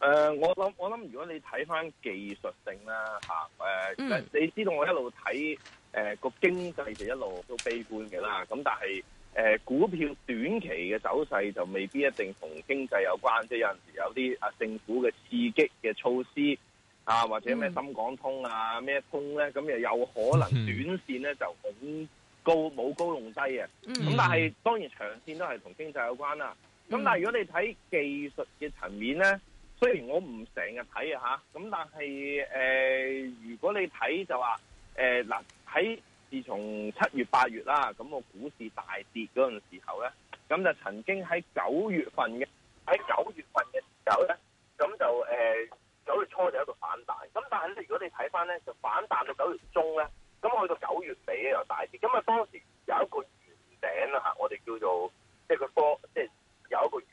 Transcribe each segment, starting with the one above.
誒、呃，我諗我諗，如果你睇返技術性啦吓，誒、啊，嗯、你知道我一路睇誒個經濟就一路都悲觀嘅啦。咁但係誒、呃、股票短期嘅走勢就未必一定同經濟有關，即係有陣時有啲啊政府嘅刺激嘅措施啊，或者咩深港通啊咩通咧，咁又有可能短線咧就好高冇、嗯、高弄低啊。咁、嗯、但係、嗯、當然長線都係同經濟有關啦。咁但係如果你睇技術嘅層面咧？雖然我唔成日睇啊吓，咁但係誒、呃，如果你睇就話誒嗱，喺、呃、自從七月八月啦，咁個股市大跌嗰陣時候咧，咁就曾經喺九月份嘅喺九月份嘅時候咧，咁就誒九、呃、月初就有一個反彈，咁但係如果你睇翻咧，就反彈到九月中咧，咁去到九月尾又大跌，咁啊當時有一個圓頂啦吓，我哋叫做即係個波，即、就、係、是、有一個。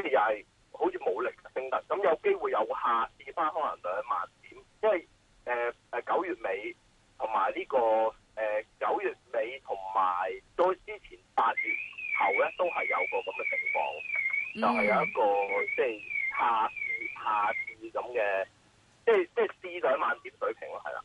即係又係好似冇力升得，咁有機會有下跌翻可能兩萬點，因為誒誒九月尾同埋呢個誒、呃、九月尾同埋再之前八月頭咧都係有個咁嘅情況，就係、是、有一個即係、就是、下次下次咁嘅，即係即係跌到兩萬點水平咯，係啦。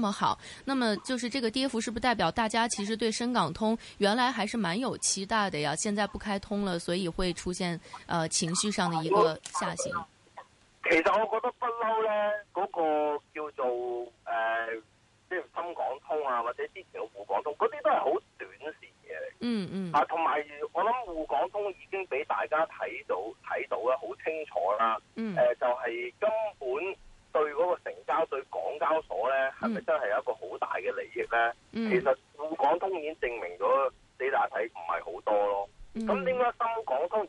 咁好，那麼就是這個跌幅，是不是代表大家其實對深港通原來還是蠻有期待的呀？現在不開通了，所以會出現呃情緒上的一個下行。其實我覺得不嬲呢嗰、嗰個叫做誒，即係、呃、深港通啊，或者之前嘅滬港通，嗰啲都係好短線嘢嚟嗯嗯。嗯啊，同埋我諗滬港通已經俾大家睇到睇到啦，好清楚啦。嗯。誒、呃，就係、是、根本。對嗰個成交對港交所咧，係咪真係有一個好大嘅利益咧？嗯、其實滬港通已經證明咗，俾大家睇唔係好多咯。咁點解深港通？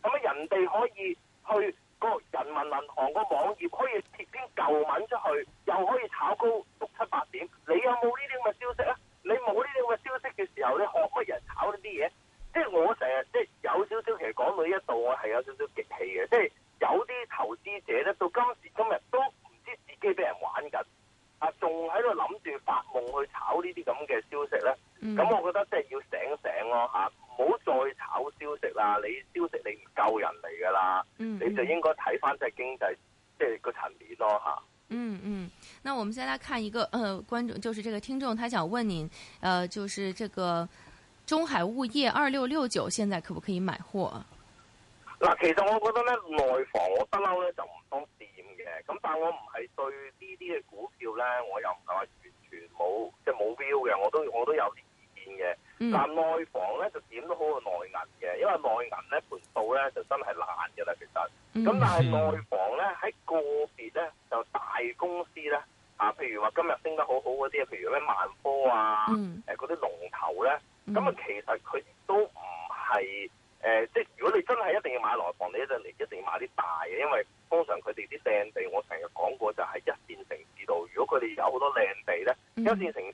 看一個，呃，觀眾就是這個聽眾，他想問你，呃，就是這個中海物業二六六九，現在可不可以買貨，啊？嗱，其實我覺得呢內房我不嬲咧就唔多掂嘅，咁但係我唔係對呢啲嘅股票咧，我又唔係話完全冇即係冇標嘅，我都我都有啲意見嘅。但內房咧就點都好過內銀嘅，因為內銀咧盤數咧就真係難嘅啦，其實。咁但係內房、嗯。嗯一定買啲大嘅，因為通常佢哋啲靚地，我成日講過，就係一線城市度。如果佢哋有好多靚地咧，一線城。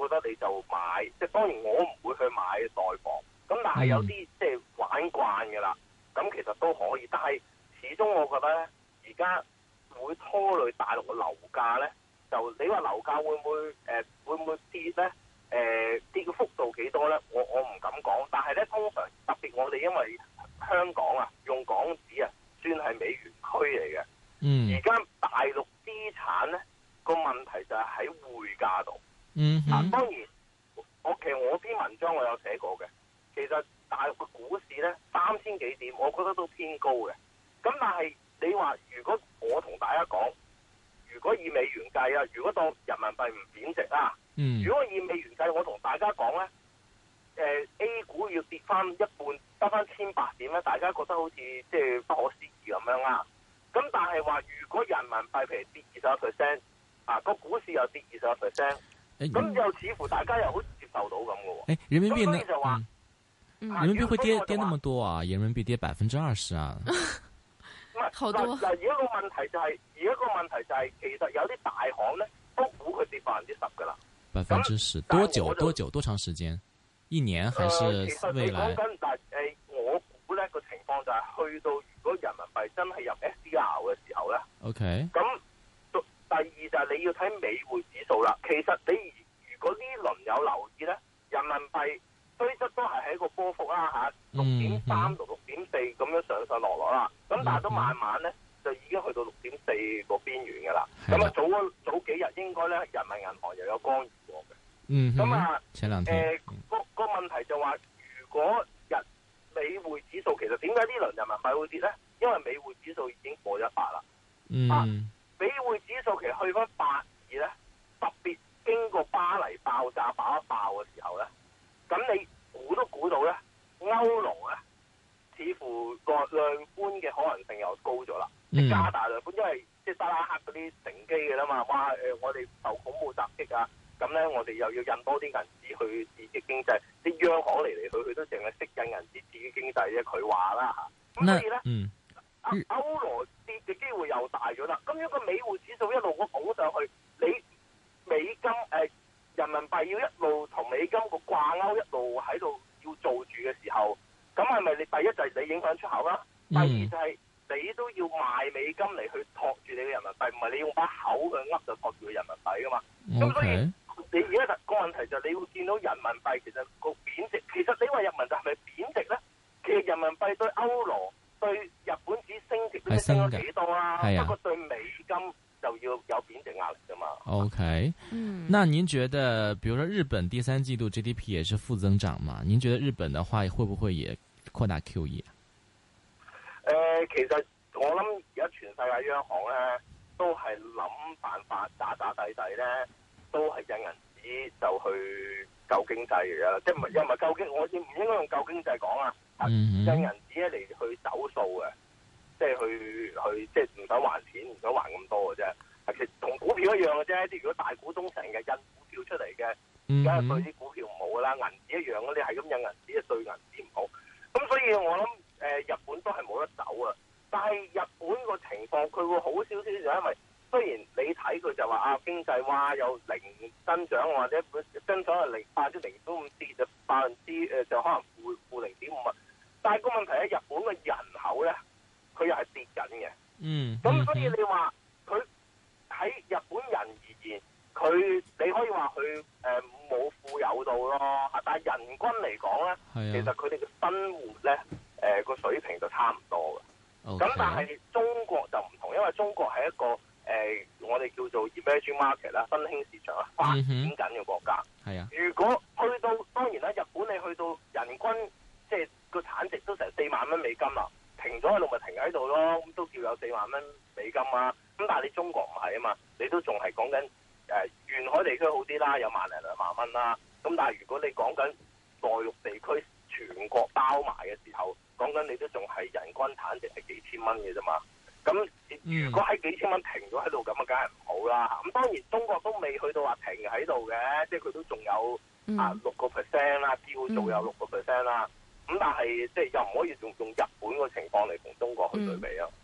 我覺得你就買，即係當然我唔會去買內房，咁但係有啲即係玩慣嘅啦，咁其實都可以，但係始終我覺得咧，而家會拖累大陸嘅樓價咧，就你話樓價會唔會誒、呃、會唔會跌咧？誒、呃、跌嘅幅度幾多咧？我我唔敢講，但係咧通常特別我哋因為香港啊用港紙啊，算係美元區嚟嘅，而家、嗯、大陸資產咧個問題就係喺匯價度。嗯，嗱，當然，我其實我篇文章我有寫過嘅，其實大陸嘅股市咧三千幾點，我覺得都偏高嘅。咁但係你話如果我同大家講，如果以美元計啊，如果當人民幣唔貶值啊，嗯，如果以美元計，我同大家講咧，誒、呃，A 股要跌翻一半，得翻千八點咧，大家覺得好似即係不可思議咁樣啊？咁但係話如果人民幣譬如跌二十一 percent，啊，個股市又跌二十一 percent。咁又誒似乎大家又好接受到咁嘅喎。誒，人民幣呢？就、嗯、話，嗯、人民幣會跌跌那麼多啊？人民幣跌百分之二十啊？唔係，好多。嗱，而家個問題就係，而家個問題就係，其實有啲大行咧，都估佢跌百分之十噶啦。百分之十，多久？多久？多長時間？一年還是未來？但係我估咧個情況就係，去到如果人民幣真係入 S D R 嘅時候咧。O K。咁。呢輪人民幣會跌咧，因為美匯指數已經過咗一百啦。嗯、啊，美匯指數其實去翻百二咧，特別經過巴黎爆炸爆一爆嘅時候咧，咁你估都估到咧，歐羅啊，似乎個量寬嘅可能性又高咗啦。你、嗯、加大量寬，因為即係沙拉克嗰啲乘機嘅啦嘛，哇！誒、呃，我哋受恐怖襲擊啊，咁咧我哋又要印多啲銀紙去刺激經濟，啲、就是、央行。那所以咧，嗯、歐羅跌嘅機會又大咗啦。咁、嗯、如果美匯指數一路咁補上去，你美金誒、呃、人民幣要一路同美金個掛鈎，一路喺度要做住嘅時候，咁係咪你第一就係你影響出口啦？嗯、第二就係你都要賣美金嚟去托住你嘅人民幣，唔係你用把口去呃就托住佢人民幣噶嘛？咁 okay? 所以你而家個問題就係，你會見到人民幣其實個貶值，其實你話人民幣係咪？人民幣對歐羅、對日本紙升值，都升咗幾多啦、啊。不過、哎、呀對美金就要有貶值壓力噶嘛。O Okay . K，嗯，那您覺得，比如說日本第三季度 G D P 也是負增長嘛？您覺得日本的話，會不會也擴大 Q E？誒、呃，其實我諗而家全世界央行咧，都係諗辦法打打底底咧，都係印銀紙就去救經濟啊！即係唔係又唔係救經，我應唔應該用救經濟講啊？印、嗯、銀紙一嚟去走數嘅，即、就、係、是、去去即係唔想還錢，唔想還咁多嘅啫。其實同股票一樣嘅啫，如果大股東成日印股票出嚟嘅，咁對啲股票唔好啦。銀紙一樣，你係咁印銀紙，一對銀紙唔好。咁所以我諗誒、呃、日本都係冇得走啊。但係日本個情況，佢會好少少，就因為雖然你睇佢就話啊經濟哇有零增長，或者增長係零百分之零點五跌，就百分之誒就可能負負零點五啊。2, 但係個問題喺日本嘅人口咧，佢又係跌緊嘅。嗯，咁所以你話佢喺日本人而言，佢你可以話佢誒冇富有到咯。但係人均嚟講咧，啊、其實佢哋嘅生活咧，誒、呃、個水平就差唔多嘅。咁 Okay. 但係中國就唔同，因為中國係一個誒、呃、我哋叫做 emerging market 啦，新興市場啊，發展緊嘅國家。係、嗯嗯、啊。如果去到，當然啦，日本你去到人均即係。就是個產值都成四萬蚊美金啦，停咗喺度咪停喺度咯，咁都叫有四萬蚊美金啦。咁但係你中國唔係啊嘛，你都仲係講緊誒沿海地區好啲啦，有萬零兩萬蚊啦。咁但係如果你講緊內陸地區全國包埋嘅時候，講緊你都仲係人均產值係幾千蚊嘅啫嘛。咁如果喺幾千蚊停咗喺度咁，啊，梗係唔好啦。咁當然中國都未去到話停喺度嘅，即係佢都仲有啊六個 percent 啦，調做有六個 percent 啦。咁但係，即係又唔可以用用日本個情況嚟同中國去對比啊。嗯。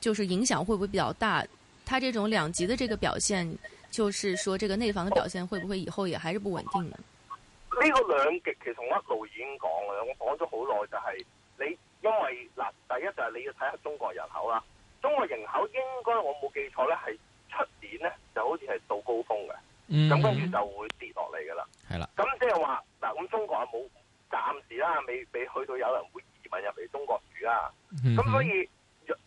就是影響會不會比較大？它這種兩極的這個表現，就是說這個內房的表現會不會以後也還是不穩定的？呢個兩極其實我一路已經講啦，我講咗好耐，就係你因為嗱，第一就係你要睇下中國人口啦。中國人口應該我冇記錯咧，係出年咧就好似係到高峰嘅，咁跟住就會跌落嚟噶啦。係啦的，咁即係話嗱，咁中國啊冇暫時啦，未未去到有人會移民入嚟中國住啊，咁、嗯、所以。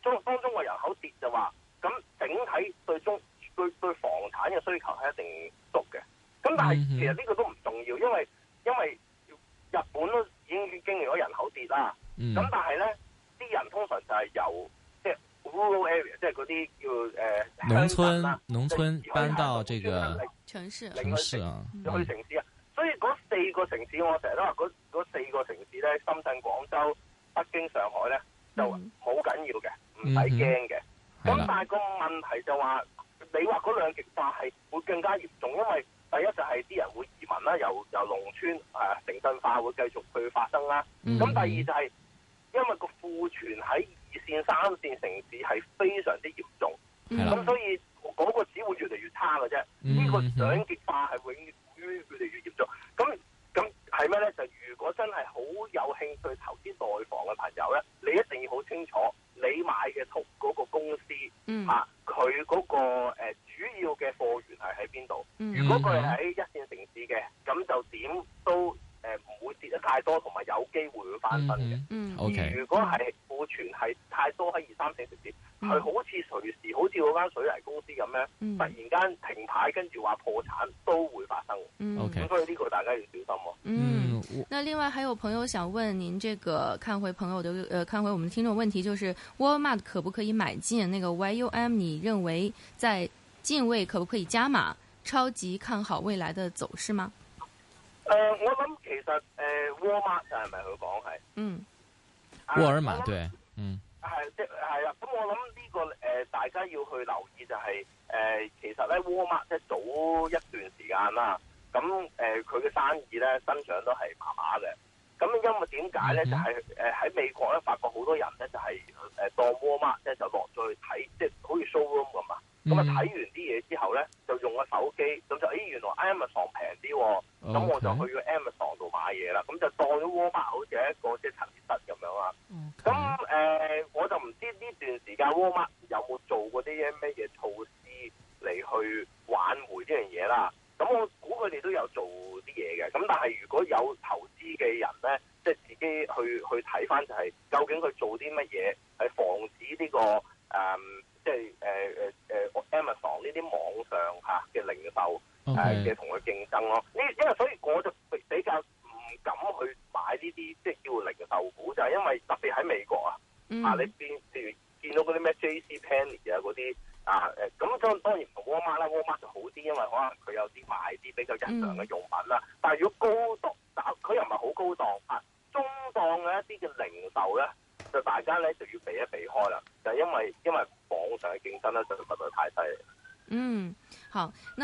中中國人口跌就話，咁整體對中對對房產嘅需求係一定足嘅。咁但係其實呢個都唔重要，因為因為日本都已經經歷咗人口跌啦。咁、嗯、但係咧，啲人通常就係由即係 rural area，即係啲叫誒。呃、農村山農村去去搬到這個城市來城市啊，去,去,去城市啊，嗯、所以嗰四個城市我成日都話嗰四個城市咧，深圳、廣州、北京、上海咧。就好緊要嘅，唔使驚嘅。咁、mm hmm. 但係個問題就話，你話嗰兩極化係會更加嚴重，因為第一就係啲人會移民啦，由由農村啊，城、呃、鎮化會繼續去發生啦。咁、mm hmm. 第二就係因為個庫存喺二線、三線城市係非常之嚴重，咁、mm hmm. 所以嗰個只會越嚟越差嘅啫。呢個想結佢嗰、嗰個、呃、主要嘅貨源係喺邊度？嗯、如果佢係喺一線城市嘅，咁、嗯、就點都誒唔、呃、會跌得太多，同埋有機會會翻身嘅。嗯嗯、而如果係庫存係太多喺、嗯、二三線城市，佢、嗯、好似隨時好似嗰間水泥公司咁樣。嗯另外還有朋友想問您，這個看回朋友的，呃，看回我們聽眾問題，就是 Walmart 可不可以買進？那個 YUM，你認為在進位可不可以加碼？超級看好未來的走勢嗎？呃、我諗其實誒，沃爾瑪係咪佢講係？Walmart, 是是嗯，沃爾瑪對，嗯，係即係啦。咁、啊、我諗呢、這個誒、呃，大家要去留意就係、是、誒、呃，其實咧沃爾瑪即係早一段時間啦、啊。咁誒佢嘅生意咧增長都係麻麻嘅，咁因為點解咧？Mm hmm. 就係誒喺美國咧，發覺好多人咧就係當 Walmart 呢，就落、是、咗、呃、去睇，即、就、係、是、好似 showroom 咁啊。咁啊睇完啲嘢之後咧，就用個手機咁就誒、哎、原來 Amazon 平啲、哦，咁 Okay. 我就去咗 Amazon 度買嘢啦。咁就當咗 Walmart 好似一個即係陳列室咁樣啊。咁誒 Okay.、呃，我就唔知呢段時間 Walmart。嘅人咧，即係自己去去睇翻，就係究竟佢做啲乜嘢，係防止呢、這個誒、嗯，即係誒誒誒，Amazon 呢啲網上吓嘅零售誒嘅同佢競爭咯。呢因為所以我就比較唔敢去買呢啲即係叫做零售股，就係、是、因為特別喺美國、mm. 啊，你啊，啊呢邊譬如見到嗰啲咩 J C Penney 啊嗰啲啊，誒咁當當然唔係沃爾瑪啦，沃爾瑪就好啲，因為可能佢有啲買啲比較日常嘅用品啦。Mm. 但係如果高